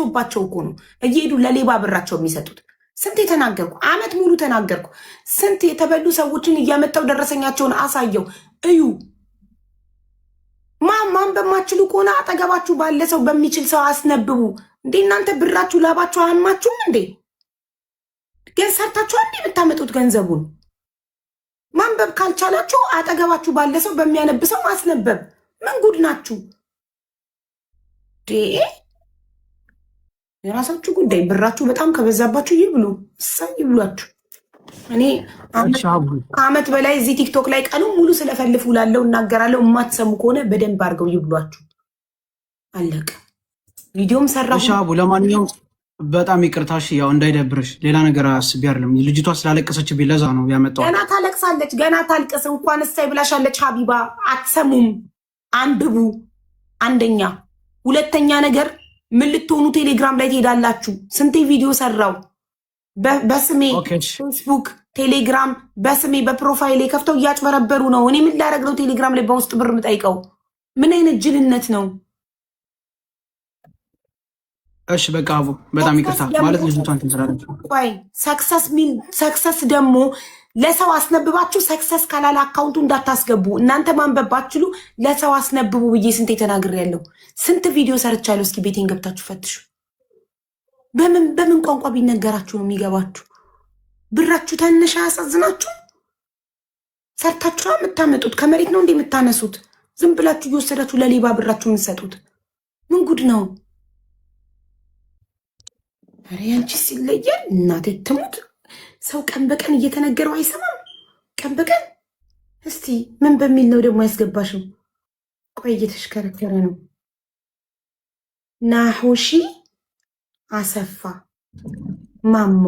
በዝቶባቸው እኮ ነው እየሄዱ ለሌባ ብራቸው የሚሰጡት። ስንት የተናገርኩ አመት ሙሉ ተናገርኩ። ስንት የተበሉ ሰዎችን እያመጣው ደረሰኛቸውን አሳየው እዩ። ማማን በማችሉ ከሆነ አጠገባችሁ ባለ ሰው በሚችል ሰው አስነብቡ። እንዴ እናንተ ብራችሁ ላባችሁ አያማችሁም እንዴ? ግን ሰርታችሁ አንዴ የምታመጡት ገንዘቡን ማንበብ ካልቻላችሁ አጠገባችሁ ባለ ሰው በሚያነብ ሰው ማስነበብ ምን ጉድ ናችሁ? የራሳችሁ ጉዳይ። ብራችሁ በጣም ከበዛባችሁ ይብሉ፣ እሳ ይብሏችሁ። እኔ ከአመት በላይ እዚህ ቲክቶክ ላይ ቀኑ ሙሉ ስለፈልፍ ውላለው፣ እናገራለው። የማትሰሙ ከሆነ በደንብ አድርገው ይብሏችሁ። አለቀ። ቪዲዮም ሰራሻቡ። ለማንኛውም በጣም ይቅርታሽ፣ ያው እንዳይደብርሽ ሌላ ነገር አስቢ። አይደለም። ልጅቷ ስላለቀሰች ለዛ ነው ያመጣው። ገና ታለቅሳለች፣ ገና ታልቅስ። እንኳን እሳይ ብላሻለች። ሀቢባ አትሰሙም። አንብቡ። አንደኛ ሁለተኛ ነገር ምን ልትሆኑ ቴሌግራም ላይ ትሄዳላችሁ? ስንቴ ቪዲዮ ሰራው በስሜ ፌስቡክ፣ ቴሌግራም በስሜ በፕሮፋይሌ ከፍተው እያጭበረበሩ ነው። እኔ ምን ላደርግ ነው ቴሌግራም ላይ በውስጥ ብር ምጠይቀው? ምን አይነት ጅልነት ነው? እሺ በቃ አቡ በጣም ይቅርታ ማለት ልጅቷን ትንስራለች። ሰክሰስ ደግሞ ለሰው አስነብባችሁ ሰክሰስ ካላለ አካውንቱ እንዳታስገቡ። እናንተ ማንበብ ባትችሉ ለሰው አስነብቡ ብዬ ስንት የተናግር ያለው ስንት ቪዲዮ ሰርቻለሁ። እስኪ ቤቴን ገብታችሁ ፈትሹ። በምን በምን ቋንቋ ቢነገራችሁ ነው የሚገባችሁ? ብራችሁ ተንሽ ያሳዝናችሁ። ሰርታችሁ የምታመጡት ከመሬት ነው እንዴ የምታነሱት? ዝም ብላችሁ እየወሰዳችሁ ለሌባ ብራችሁ የምትሰጡት ምን ጉድ ነው? ኧረ ያንቺ ሲለየ እናቴ ትሙት። ሰው ቀን በቀን እየተነገረው አይሰማም። ቀን በቀን እስቲ ምን በሚል ነው ደግሞ ያስገባሽው? ቆይ እየተሽከረከረ ነው። ናሁሺ አሰፋ ማሞ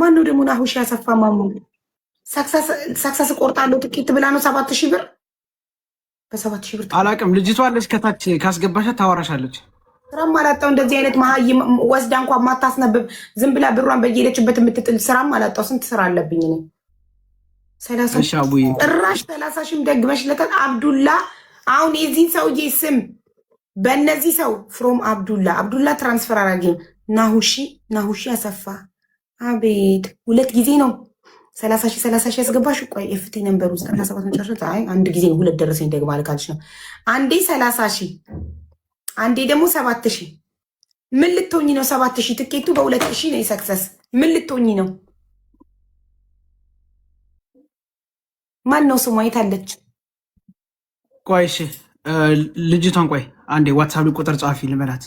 ማን ነው ደግሞ? ናሁሺ አሰፋ ማሞ ሳክሳስ ቆርጣለሁ ጥቂት ብላ ነው ሰባት ሺህ ብር በሰባት ሺህ ብር አላቅም። ልጅቷ አለች ከታች ካስገባሻት ታዋራሻለች። ስራም አላጣው። እንደዚህ አይነት መሀይም ወስዳ እንኳን ማታስነብብ ዝም ብላ ብሯን በየሄደችበት የምትጥል ስራም አላጣው። ስንት ስራ አለብኝ እኔ። ጭራሽ ሰላሳ ሺህም ደግመሽለታል አብዱላ። አሁን የዚህን ሰውዬ ስም በእነዚህ ሰው ፍሮም አብዱላ አብዱላ ትራንስፈር አራጌም ናሁሺ ናሁሺ አሰፋ አቤት ሁለት ጊዜ ነው ሰላሳ ሺህ ሰላሳ ሺህ ያስገባሽ። ቆይ የፍቴ ነንበር ውስጥ ሰባት መጨረሻ አንድ ጊዜ ነው። ሁለት ደረሰኝ ደግማ ልካልሽ ነው አንዴ ሰላሳ ሺህ አንዴ ደግሞ ሰባት ሺ ምን ልትሆኝ ነው? ሰባት ትኬቱ በሁለት ሺ ነው የሰክሰስ ምን ልትሆኝ ነው? ማን ነው ስሟ? የታለች? ቆይ እሺ፣ ልጅቷን ቆይ አንዴ ዋትሳፕ ቁጥር ጻፊ ልበላት።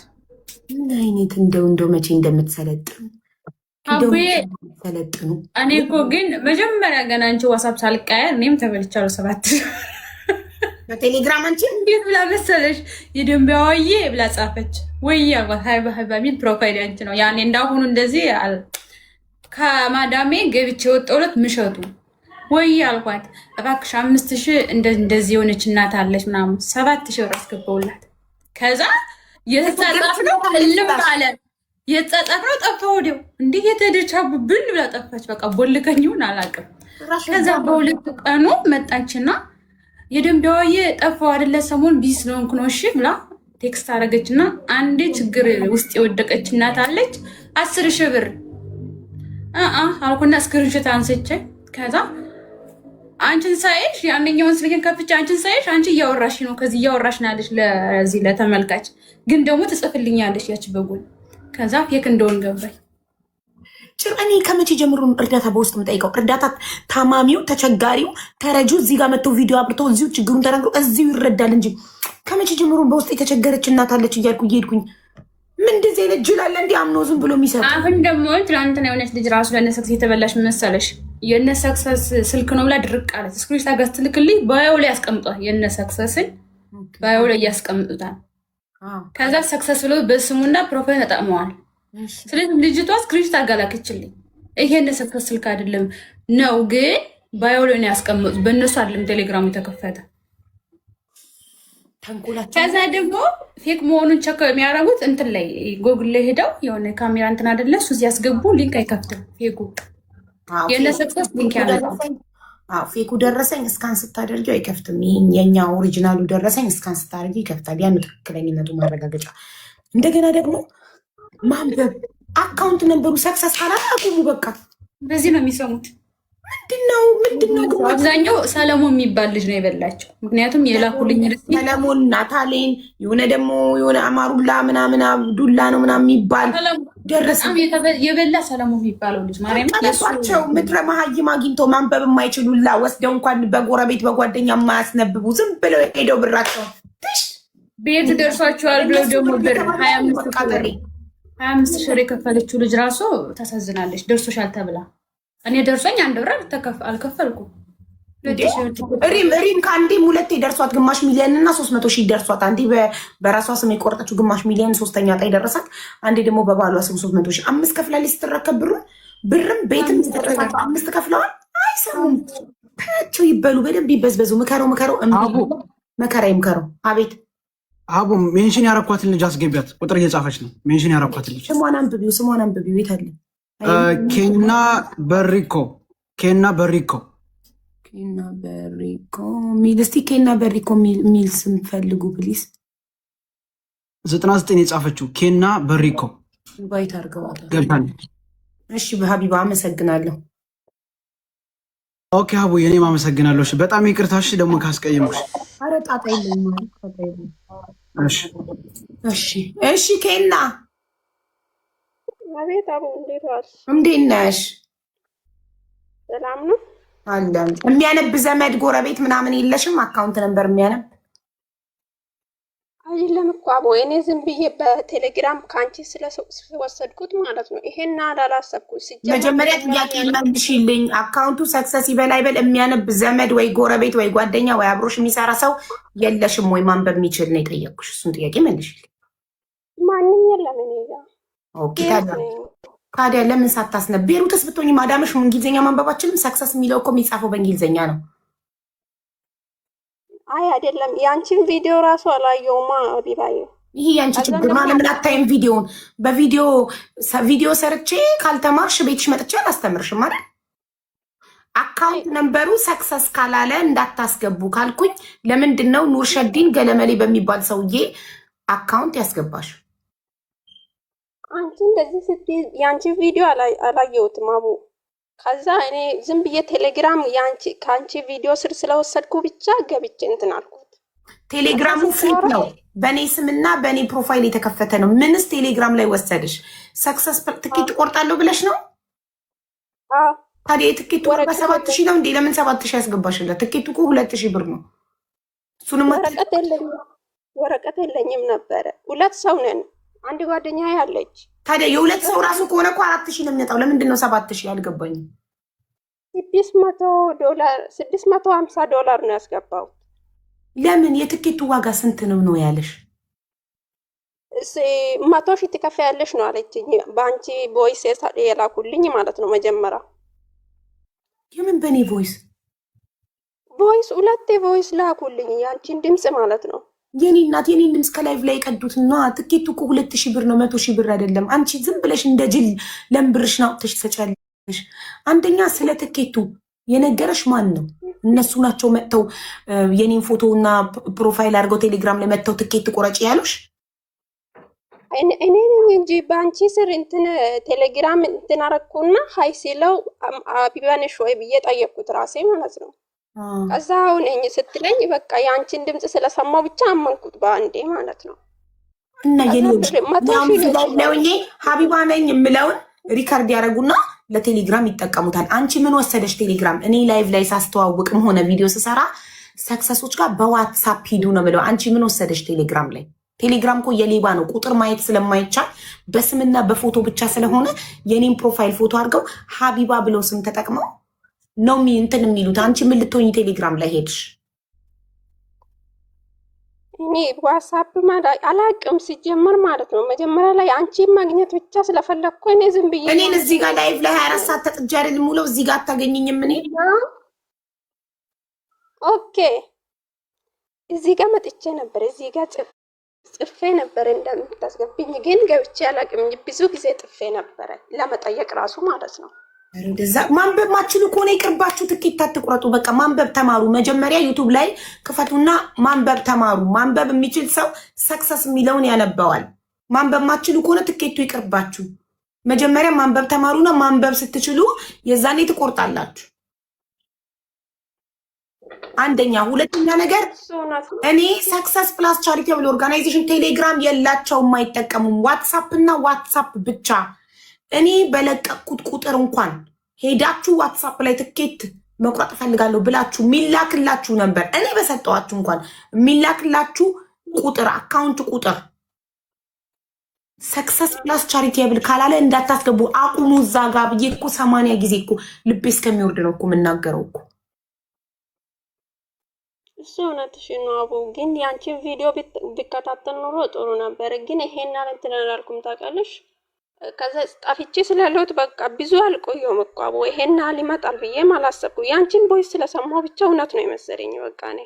ምን አይነት እንደው እንደው መቼ እንደምትሰለጥኑ ሰለጥኑ። እኔ እኮ ግን መጀመሪያ ገና አንቺ ዋትሳፕ ሳልቀያየር እኔም ተበልቻለሁ ሰባት በቴሌግራም አንቺ እንዴት ብላ መሰለሽ የደንቢያዋዬ ብላ ጻፈች። ወይ ሀይ ሀይ በሚል ፕሮፋይል አንቺ ነው። ያኔ እንዳሁኑ እንደዚህ ከማዳሜ ገብቼ የወጣሁለት ምሸቱ ወይ አልኳት፣ እባክሽ አምስት ሺህ እንደዚህ የሆነች እናት አለች ምናምን ሰባት ሺህ ብር አስገባውላት። ከዛ ነው ልም አለ የተጻጻፍነው ጠፋ። ወዲያው እንዲህ የተደቻብብን ብላ ጠፋች። በቃ ቦልከኝውን አላውቅም። ከዛ በሁለት ቀኑ መጣችና የደንቢያዋዬ ጠፋው አይደለ ሰሞን ቢስ ነው ነው እሺ ብላ ቴክስት አደረገች እና አንዴ ችግር ውስጥ የወደቀች እናት አለች አስር ሺህ ብር አልኩና ስክሪንሾት አንስቼ ከዛ አንቺን ሳይሽ የአንደኛውን ስልኬን ከፍቼ አንቺን ሳይሽ አንቺ እያወራሽ ነው ከዚህ እያወራሽ ነው ያለች ለዚህ ለተመልካች ግን ደግሞ ትጽፍልኛለች ያች በጎን ከዛ ፌክ እንደሆን ገባኝ እኔ ከመቼ ጀምሮ እርዳታ በውስጥ የምጠይቀው? እርዳታ ታማሚው፣ ተቸጋሪው፣ ተረጁ እዚህ ጋር መጥቶ ቪዲዮ አብርቶ እዚሁ ችግሩን ተናግሮ እዚሁ ይረዳል እንጂ ከመቼ ጀምሮ በውስጥ የተቸገረች እናታለች እያልኩ እየሄድኩኝ ምን እንደዚህ አይነት ጅላለ እንዲ አምኖ ዝም ብሎ የሚሰጥ አሁን ደግሞ ትናንትና የሆነች ልጅ ራሱ ለነሰክስ የተበላሽ መሰለሽ የነሰክሰስ ስልክ ነው ብላ ድርቅ አለች። ስክሪፕት ጋር ስትልክልኝ ባየው ላይ ያስቀምጧል። የነሰክሰስን ባየው ላይ እያስቀምጡታል። ከዛ ሰክሰስ ብሎ በስሙና ፕሮፋይል ተጠቅመዋል። ስለዚህ ልጅቷ ስክሪንሾት አጋላክችልኝ። ይሄን ስልክ ስልክ አይደለም ነው ግን ባዮሎን ያስቀመጡት በእነሱ አይደለም ቴሌግራሙ የተከፈተ። ከዛ ደግሞ ፌክ መሆኑን ቸክ የሚያደርጉት እንትን ላይ ጎግል ላይ ሄደው የሆነ ካሜራ እንትን አደለ እሱ ያስገቡ ሊንክ አይከፍትም ፌኩ የነሰክሰስ ሊንክ ያደረጉ ፌኩ ደረሰኝ እስካን ስታደርጊ አይከፍትም። ይህን የኛ ኦሪጂናሉ ደረሰኝ እስካን ስታደርጊ ይከፍታል። ያን ትክክለኝነቱ ማረጋገጫ እንደገና ደግሞ ማንበብ አካውንት ነበሩ ሰክሰስ አላት አቁሙ። በቃ በዚህ ነው የሚሰሙት። ምንድነው ምንድነው? አብዛኛው ሰለሞን የሚባል ልጅ ነው የበላቸው። ምክንያቱም የላኩልኝ ሰለሞን ናታሌን የሆነ ደግሞ የሆነ አማሩላ ምናምን ዱላ ነው ምናምን የሚባል ደረሰ የበላ ሰለሞን የሚባለው ልጅ ማሪያቸው ምድረ መሀይም አግኝተው ማንበብ የማይችሉላ ወስደው እንኳን በጎረቤት በጓደኛ የማያስነብቡ ዝም ብለው ሄደው ብራቸው ቤት ደርሷቸዋል ብለው ደግሞ ብር ሀያ አምስት ሀያ አምስት ሽር የከፈለችው ልጅ ራሱ ተሰዝናለች። ደርሶሻል ተብላ እኔ ደርሶኝ አንድ ብር አልከፈልኩም። ሪም ከአንዴም ሁለቴ ደርሷት ግማሽ ሚሊዮን እና ሶስት መቶ ሺህ ደርሷት፣ አንዴ በራሷ ስም የቆረጠችው ግማሽ ሚሊዮን ሶስተኛ ዕጣ ደረሳት። አንዴ ደግሞ በባሏ ስም ሶስት መቶ ሺህ አምስት ከፍላለች። ስትረከብ ብሩ ብርም ቤትም የተደረሳቸው አምስት ከፍለዋል። አይሰሙም። ታቸው ይበሉ፣ በደንብ ይበዝበዙ። ምከረው፣ ምከረው፣ መከራ ይምከረው። አቤት አቡ ሜንሽን ያረኳትን ልጅ አስገቢያት። ቁጥር እየጻፈች ነው። ሜንሽን ያረኳትን ልጅ ስሟን አንብቢው፣ ስሟን አንብቢው። የት አለ? ኬና በሪኮ፣ ኬና በሪኮ፣ ኬና በሪኮ ሚል እስቲ ኬና በሪኮ ሚል ስም ፈልጉ ፕሊስ። ዘጠና ዘጠኝ የጻፈችው ኬና በሪኮ ባይት አርገዋል። ገብታለች። እሺ በሀቢባ አመሰግናለሁ። ኦኬ ሀቡ፣ የኔም አመሰግናለሁ። በጣም ይቅርታሽ ደግሞ ካስቀየምኩሽ ኧረ ጣጣ እሺ። ኬና አቤት። አቡ እንዴት ዋልሽ? እንዴት ነሽ? ሰላም ነው አለን። የሚያነብ ዘመድ ጎረቤት ምናምን የለሽም? አካውንት ነበር የሚያነብ አይደለም እኮ አቦ እኔ ዝም ብዬ በቴሌግራም ከአንቺ ስለወሰድኩት ማለት ነው። ይሄን አላሰብኩ። መጀመሪያ ጥያቄ መልሽልኝ። አካውንቱ ሰክሰስ ይበል አይበል የሚያነብ ዘመድ ወይ ጎረቤት ወይ ጓደኛ ወይ አብሮሽ የሚሰራ ሰው የለሽም ወይ? ማን በሚችል ነው የጠየቅኩሽ። እሱን ጥያቄ መልሽልኝ። ማንም የለም እኔ ጋ። ታዲያ ለምን ሳታስነብ? ቤሩትስ ብትሆኝ ማዳመሽ እንግሊዝኛ ማንበባችንም ሰክሰስ የሚለው እኮ የሚጻፈው በእንግሊዝኛ ነው። አይ አይደለም፣ ያንቺን ቪዲዮ ራሱ አላየውማ ቢባየ ይሄ ያንቺ ችግር ነው። ለምን አታይም ቪዲዮውን? በቪዲዮ ቪዲዮ ሰርቼ ካልተማርሽ ቤትሽ መጥቼ አላስተምርሽም ማለት አካውንት ነምበሩ ሰክሰስ ካላለ እንዳታስገቡ ካልኩኝ ለምንድን ነው ኑርሸዲን ገለመሌ በሚባል ሰውዬ አካውንት ያስገባሽ? አንቺ እንደዚህ ስትይ የአንቺን ቪዲዮ አላየሁትም አቡ ከዛ እኔ ዝም ብዬ ቴሌግራም ከአንቺ ቪዲዮ ስር ስለወሰድኩ ብቻ ገብቼ እንትን አልኩት። ቴሌግራሙ ፌክ ነው፣ በእኔ ስምና በእኔ ፕሮፋይል የተከፈተ ነው። ምንስ ቴሌግራም ላይ ወሰድሽ? ሰክሰስ ትኬት ቆርጣለሁ ብለሽ ነው? ታዲያ የትኬቱ በሰባት ሺህ ነው እንዴ? ለምን ሰባት ሺህ ያስገባሽለት? ትኬቱ እኮ ሁለት ሺህ ብር ነው። እሱንም ወረቀት የለኝም ነበረ። ሁለት ሰው ነን፣ አንድ ጓደኛ ያለች ታዲያ የሁለት ሰው ራሱ ከሆነ እኮ አራት ሺ ነው የሚመጣው። ለምንድን ነው ሰባት ሺ አልገባኝም። ስድስት መቶ ዶላር ስድስት መቶ ሀምሳ ዶላር ነው ያስገባው። ለምን የትኬቱ ዋጋ ስንት ነው ነው ያለሽ? መቶ ሺህ ያለሽ ነው አለችኝ። በአንቺ ቮይስ የላኩልኝ ማለት ነው መጀመሪያ። የምን በእኔ ቮይስ ቮይስ ሁለቴ ቮይስ ላኩልኝ፣ የአንቺን ድምፅ ማለት ነው የኔ እናት የኔ ድምፅ ከላይቭ ላይ የቀዱት ና ትኬቱ እኮ ሁለት ሺህ ብር ነው፣ መቶ ሺህ ብር አይደለም። አንቺ ዝም ብለሽ እንደ ጅል ለምብርሽ ናውጥተሽ ትሰጫለሽ። አንደኛ ስለ ትኬቱ የነገረሽ ማን ነው? እነሱ ናቸው መጥተው የኔን ፎቶ እና ፕሮፋይል አድርገው ቴሌግራም ላይ መጥተው ትኬት ቁረጭ ያሉሽ እኔ ነኝ እንጂ በአንቺ ስር እንትን ቴሌግራም እንትን አረኩና ሀይ ሲለው አቢባነሽ ወይ ብዬ ጠየቅኩት ራሴ ማለት ነው። ከዛ አሁን እኝ ስትለኝ በቃ የአንቺን ድምፅ ስለሰማው ብቻ አመንኩት በአንዴ ማለት ነው። እና የኔ ሀቢባ ነኝ የምለውን ሪከርድ ያደረጉና ለቴሌግራም ይጠቀሙታል። አንቺ ምን ወሰደች ቴሌግራም? እኔ ላይቭ ላይ ሳስተዋውቅም ሆነ ቪዲዮ ስሰራ ሰክሰሶች ጋር በዋትሳፕ ሂዱ ነው የምለው። አንቺ ምን ወሰደች ቴሌግራም ላይ? ቴሌግራም እኮ የሌባ ነው። ቁጥር ማየት ስለማይቻል በስምና በፎቶ ብቻ ስለሆነ የኔም ፕሮፋይል ፎቶ አድርገው ሀቢባ ብለው ስም ተጠቅመው ነው እንትን የሚሉት። አንቺ ምን ልትሆኝ ቴሌግራም ላይ ሄድሽ? እኔ ዋትሳፕ አላቅም ሲጀመር ማለት ነው። መጀመሪያ ላይ አንቺን ማግኘት ብቻ ስለፈለግኩ እኔ ዝም ብዬ እኔን እዚህ ጋር ላይቭ ላይ ሀያ አራት ሰዓት ተጥጃ አይደል የምውለው። እዚህ ጋር አታገኝኝም። እኔ ኦኬ እዚህ ጋር መጥቼ ነበር። እዚህ ጋር ጽፌ ነበር እንደምታስገብኝ፣ ግን ገብቼ አላቅም። ብዙ ጊዜ ጥፌ ነበረ ለመጠየቅ ራሱ ማለት ነው። እንደዛ ማንበብ ማችሉ ከሆነ ይቅርባችሁ፣ ትኬት አትቁረጡ። በቃ ማንበብ ተማሩ። መጀመሪያ ዩቱብ ላይ ክፈቱና ማንበብ ተማሩ። ማንበብ የሚችል ሰው ሰክሰስ የሚለውን ያነባዋል። ማንበብ ማችሉ ከሆነ ትኬቱ ይቅርባችሁ። መጀመሪያ ማንበብ ተማሩና ማንበብ ስትችሉ የዛኔ ትቆርጣላችሁ። አንደኛ። ሁለተኛ ነገር እኔ ሰክሰስ ፕላስ ቻሪቴብል ኦርጋናይዜሽን ቴሌግራም የላቸውም አይጠቀሙም። ዋትሳፕ እና ዋትሳፕ ብቻ እኔ በለቀቁት ቁጥር እንኳን ሄዳችሁ ዋትሳፕ ላይ ትኬት መቁረጥ እፈልጋለሁ ብላችሁ የሚላክላችሁ ነበር። እኔ በሰጠዋችሁ እንኳን የሚላክላችሁ ቁጥር አካውንት ቁጥር ሰክሰስ ፕላስ ቻሪቲ የብል ካላለ እንዳታስገቡ አቁሙ። እዛ ጋ ብዬ እኮ ሰማንያ ጊዜ እኮ ልቤ እስከሚወርድ ነው እኮ የምናገረው እኮ እሱ እውነትሽን ነው አቡ። ግን ያንቺን ቪዲዮ ቢከታተል ኑሮ ጥሩ ነበር። ግን ይሄን አልንትን አላልኩም ታውቃለሽ ከዛ ጣፍቼ ስላለት በቃ ብዙ አልቆየሁም እኮ አቦ ይሄን ያህል ይመጣል ብዬም አላሰብኩ። ያንቺን ቦይስ ስለሰማሁ ብቻ እውነት ነው የመሰለኝ። በቃ እኔ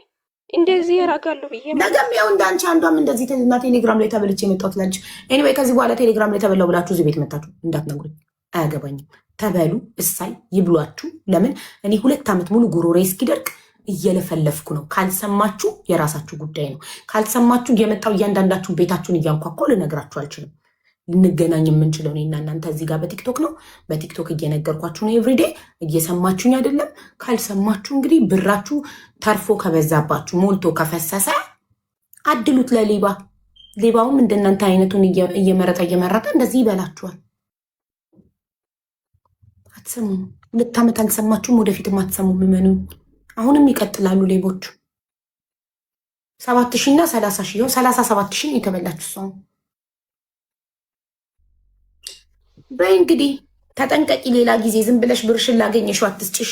እንደዚህ ያደርጋሉ ብዬ ነገም ያው እንዳንቺ አንዷም እንደዚህ ና ቴሌግራም ላይ ተበልቼ የመጣሁት ላንቺ። ኤኒዌይ ከዚህ በኋላ ቴሌግራም ላይ ተበላው ብላችሁ እዚህ ቤት መታችሁ እንዳትነግሩኝ፣ አያገባኝም። ተበሉ እሳይ ይብሏችሁ። ለምን እኔ ሁለት ዓመት ሙሉ ጉሮሬ እስኪደርቅ እየለፈለፍኩ ነው። ካልሰማችሁ የራሳችሁ ጉዳይ ነው። ካልሰማችሁ የመጣው እያንዳንዳችሁን ቤታችሁን እያንኳኳ ልነግራችሁ አልችልም። ልንገናኝ የምንችለው እና እናንተ እዚህ ጋር በቲክቶክ ነው። በቲክቶክ እየነገርኳችሁ ነው። ኤቭሪዴ እየሰማችሁኝ አይደለም? ካልሰማችሁ እንግዲህ ብራችሁ ተርፎ ከበዛባችሁ ሞልቶ ከፈሰሰ አድሉት ለሌባ። ሌባውም እንደናንተ አይነቱን እየመረጠ እየመረጠ እንደዚህ ይበላችኋል። አትሰሙ ሁለት ዓመት አልሰማችሁም፣ ወደፊትም አትሰሙ። ምመኑ አሁንም ይቀጥላሉ ሌቦቹ። ሰባት ሺህ እና ሰላሳ ሺህ ሰላሳ ሰባት ሺህ የተበላችሁ ሰው በይ እንግዲህ ተጠንቀቂ። ሌላ ጊዜ ዝም ብለሽ ብርሽን ላገኘሽው አትስጭሽ።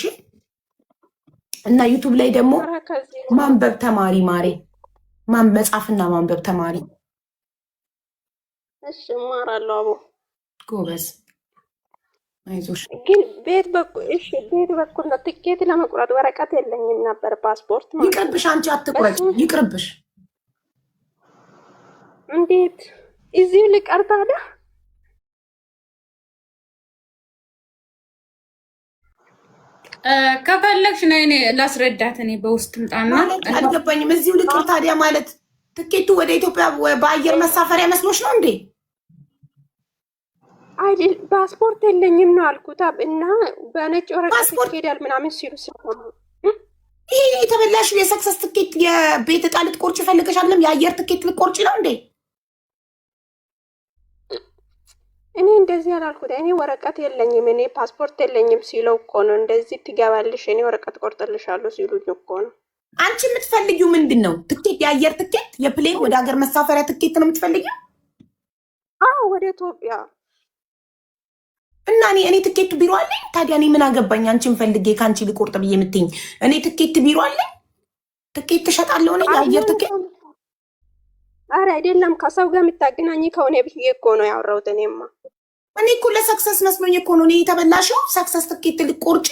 እና ዩቱብ ላይ ደግሞ ማንበብ ተማሪ ማሬ፣ ማን መጻፍና ማንበብ ተማሪ። እሺ እማራለሁ። አቦ ጎበዝ፣ አይዞሽ። ግን ቤት በኩል እሺ፣ ቤት በኩል ነው። ትኬት ለመቁረጥ ወረቀት የለኝም ነበር፣ ፓስፖርት ይቅርብሽ፣ አንቺ አትቁረጭ፣ ይቅርብሽ። እንዴት እዚሁ ልቀር ታዲያ? ከፈለግሽ ነይ፣ እኔ ላስረዳት። እኔ በውስጥ ምጣና አልገባኝም። እዚሁ ልቅር። ታዲያ ማለት ትኬቱ ወደ ኢትዮጵያ በአየር መሳፈሪያ መስሎች ነው እንዴ? አይደል ፓስፖርት የለኝም ነው አልኩታ። እና በነጭ ወረቀት ይሄዳል ምናምን ሲሉ ስለሆኑ ይህ የተበላሽ የሰክሰስ ትኬት የቤት ዕጣ ልትቆርጭ ፈልገሽ አይደለም? የአየር ትኬት ልትቆርጭ ነው እንዴ? እኔ እንደዚህ ያላልኩት እኔ ወረቀት የለኝም እኔ ፓስፖርት የለኝም ሲለው እኮ ነው። እንደዚህ ትገባልሽ እኔ ወረቀት ቆርጥልሻለሁ ሲሉኝ እኮ ነው። አንቺ የምትፈልጊው ምንድን ነው? ትኬት፣ የአየር ትኬት፣ የፕሌን ወደ ሀገር መሳፈሪያ ትኬት ነው የምትፈልጊው? አዎ ወደ ኢትዮጵያ እና እኔ እኔ ትኬቱ ቢሮ አለኝ። ታዲያ እኔ ምን አገባኝ? አንቺን ፈልጌ ከአንቺ ልቆርጥ ብዬ የምትኝ እኔ ትኬት ቢሮ አለኝ። ትኬት ትሸጣለሁ እኔ የአየር ትኬት አረ አይደለም ከሰው ጋር የምታገናኝ ከሆነ ብዬ እኮ ነው ያወራሁት። እኔማ እኔ እኮ ለሰክሰስ መስሎኝ እኮ ነው እኔ የተበላሸው። ሰክሰስ ትኬት ልቆርጪ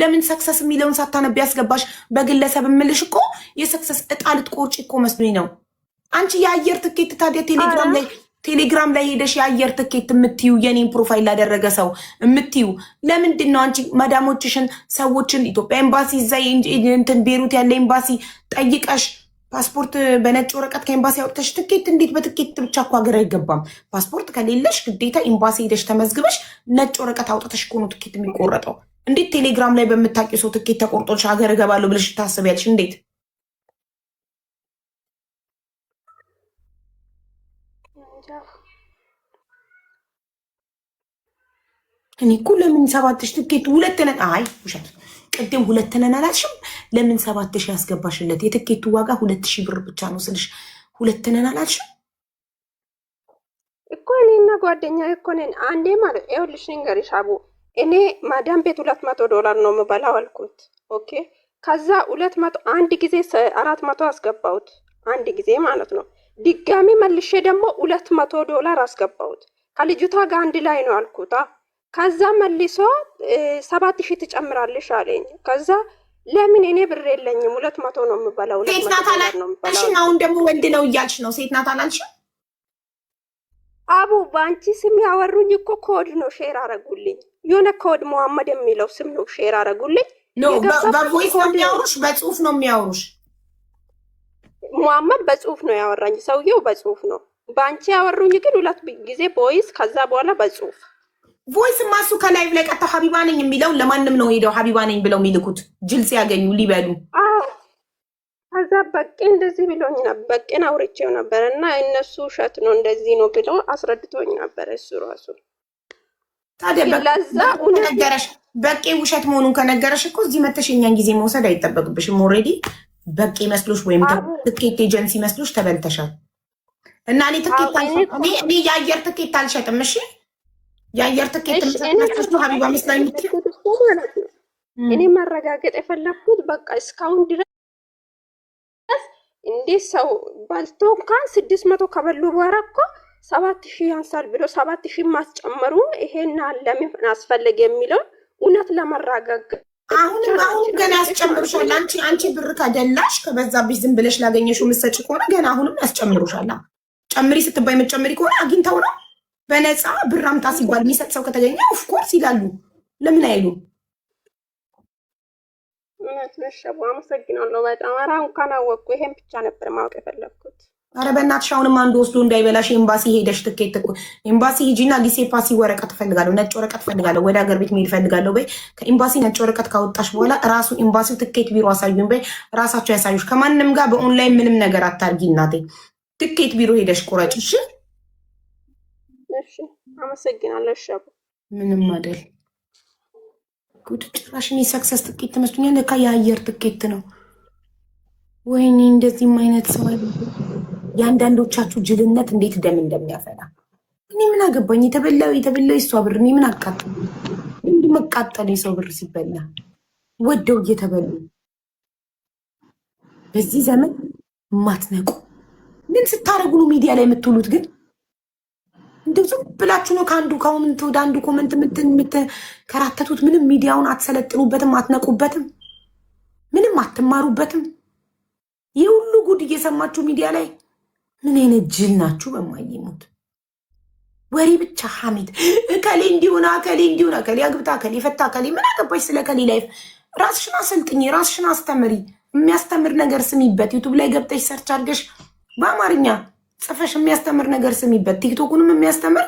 ለምን ሰክሰስ የሚለውን ሳታነብ ያስገባሽ? በግለሰብ የምልሽ እኮ የሰክሰስ እጣ ልትቆርጪ እኮ መስሎኝ ነው። አንቺ የአየር ትኬት ታዲያ ቴሌግራም ላይ ቴሌግራም ላይ ሄደሽ የአየር ትኬት የምትዩ የኔን ፕሮፋይል ላደረገ ሰው የምትዩ ለምንድን ነው አንቺ? መዳሞችሽን ሰዎችን ኢትዮጵያ ኤምባሲ እዛ እንትን ቤሩት ያለ ኤምባሲ ጠይቀሽ ፓስፖርት በነጭ ወረቀት ከኤምባሲ አውጥተሽ ትኬት እንዴት? በትኬት ብቻ እኮ ሀገር አይገባም። ፓስፖርት ከሌለሽ ግዴታ ኤምባሲ ሄደሽ ተመዝግበሽ ነጭ ወረቀት አውጥተሽ ከሆኑ ትኬት የሚቆረጠው እንዴት? ቴሌግራም ላይ በምታውቂው ሰው ትኬት ተቆርጦልሽ ሀገር እገባለሁ ብለሽ ታስቢያለሽ? እንዴት? እኔ እኮ ለምን ሰባትሽ ትኬት ሁለት ነ አይ ውሸት ቅድም ሁለት ነን አላልሽም? ለምን ሰባት ሺህ ያስገባሽለት? የትኬቱ ዋጋ ሁለት ሺህ ብር ብቻ ነው ስልሽ ሁለት ነን አላልሽም እኮ። እኔና ጓደኛ እኮ ነን። አንዴ ማለት ይኸውልሽ ንገሪሽ አቡ፣ እኔ ማዳም ቤት ሁለት መቶ ዶላር ነው የምበላው አልኩት። ኦኬ ከዛ ሁለት መቶ አንድ ጊዜ አራት መቶ አስገባሁት፣ አንድ ጊዜ ማለት ነው። ድጋሚ መልሼ ደግሞ ሁለት መቶ ዶላር አስገባሁት። ከልጅቷ ጋር አንድ ላይ ነው አልኩታ ከዛ መልሶ ሰባት ሺህ ትጨምራለሽ አለኝ። ከዛ ለምን እኔ ብር የለኝም ሁለት መቶ ነው የምበላው። ሴት ናት አላልሽም? አሁን ደግሞ ወንድ ነው እያልሽ ነው። ሴት ናት አላልሽም? አቡ በአንቺ ስም ያወሩኝ እኮ ኮድ ነው ሼር አረጉልኝ። የሆነ ኮድ መሐመድ የሚለው ስም ነው ሼር አረጉልኝ። በቮይስ ነው የሚያወሩሽ? በጽሁፍ ነው የሚያወሩሽ? መሐመድ በጽሁፍ ነው ያወራኝ ሰውየው፣ በጽሁፍ ነው። በአንቺ ያወሩኝ ግን ሁለት ጊዜ ቦይስ፣ ከዛ በኋላ በጽሁፍ ቮይስ ማሱ ከላይቭ ላይ ቀጥታ ሀቢባ ነኝ የሚለው ለማንም ነው ሄደው ሀቢባ ነኝ ብለው የሚልኩት ጅል ሲያገኙ ሊበሉ። ከዛ በቄ እንደዚህ ብሎኝ ነበር፣ በቄን አውርቼው ነበር እና እነሱ ውሸት ነው እንደዚህ ነው ብሎ አስረድቶኝ ነበር። እሱ ራሱ ታዲያለዛ ነገረሽ። በቄ ውሸት መሆኑን ከነገረሽ እኮ እዚህ መተሽ የእኛን ጊዜ መውሰድ አይጠበቅብሽም። ኦልሬዲ በቄ መስሎሽ ወይም ትኬት ኤጀንሲ መስሎሽ ተበልተሻል። እና እኔ ትኬት እኔ የአየር ትኬት አልሸጥም። እሺ የአየር ትኬት ሀቢባ መስላ ማለት እኔ ማረጋገጥ የፈለግኩት በቃ እስካሁን ድረስ እንዴት ሰው በልቶ እንኳን ስድስት መቶ ከበሉ በኋላ እኮ ሰባት ሺህ ያንሳል ብሎ ሰባት ሺህ ማስጨመሩ ይሄን ለምን አስፈለገ የሚለውን እውነት ለማረጋገጥ አሁንም አሁን ገና ያስጨምሩሻል። አንቺ አንቺ ብር ከደላሽ ከበዛብሽ ዝም ብለሽ ላገኘሽው ምሰጭ ከሆነ ገና አሁንም ያስጨምሩሻል። ጨምሪ ስትባይ ከሆነ አግኝተው ነው በነፃ ብር አምጣ ሲባል የሚሰጥ ሰው ከተገኘ ኦፍኮርስ ይላሉ። ለምን አይሉ? እውነት ነሽ አመሰግናለሁ በጣም ኧረ እንኳን አወቅኩ። ይሄን ብቻ ነበር ማወቅ የፈለግኩት። ኧረ በእናትሽ አሁንም አንድ ወስዶ እንዳይበላሽ ኤምባሲ ሄደሽ ትኬት ኤምባሲ ሂጂና ሊሴ ፓሲ ወረቀት እፈልጋለሁ፣ ነጭ ወረቀት እፈልጋለሁ፣ ወደ ሀገር ቤት መሄድ እፈልጋለሁ በይ። ከኤምባሲ ነጭ ወረቀት ካወጣሽ በኋላ ራሱ ኤምባሲው ትኬት ቢሮ አሳዩን በይ፣ ራሳቸው ያሳዩሽ። ከማንም ጋር በኦንላይን ምንም ነገር አታርጊ እናቴ። ትኬት ቢሮ ሄደሽ ቁረጭ እሺ። አመሰግናለሁ። ሻቡ ምንም አይደል። ጉድ ጭራሽ እኔ ሰክሰስ ትኬት መስሎኛል። ለካ የአየር ትኬት ነው። ወይኔ እንደዚህም አይነት ሰው አለ። የአንዳንዶቻችሁ ጅልነት እንዴት ደም እንደሚያፈላ እኔ ምን አገባኝ? የተበላው የተበላው የሷ ብር እኔ ምን አቃጠ እንዲ መቃጠል የሰው ብር ሲበላ ወደው እየተበሉ በዚህ ዘመን ማትነቁ ምን ስታደርጉ ነው ሚዲያ ላይ የምትውሉት ግን እንደው ዝም ብላችሁ ነው ከአንዱ ከውምንት ወደ አንዱ ኮመንት የምትከራተቱት። ምንም ሚዲያውን አትሰለጥኑበትም፣ አትነቁበትም፣ ምንም አትማሩበትም። ይህ ሁሉ ጉድ እየሰማችሁ ሚዲያ ላይ ምን አይነት ጅል ናችሁ? በማይሙት ወሬ ብቻ ሐሜት። እከሌ እንዲሆነ እከሌ እንዲሆነ እከሌ አግብታ እከሌ ፈታ እከሌ ምን አገባሽ ስለ እከሌ ላይፍ። ራስሽን አሰልጥኝ፣ ራስሽን አስተምሪ። የሚያስተምር ነገር ስሚበት። ዩቱብ ላይ ገብተሽ ሰርች አድርገሽ በአማርኛ ጽፈሽ የሚያስተምር ነገር ስሚበት። ቲክቶኩንም የሚያስተምር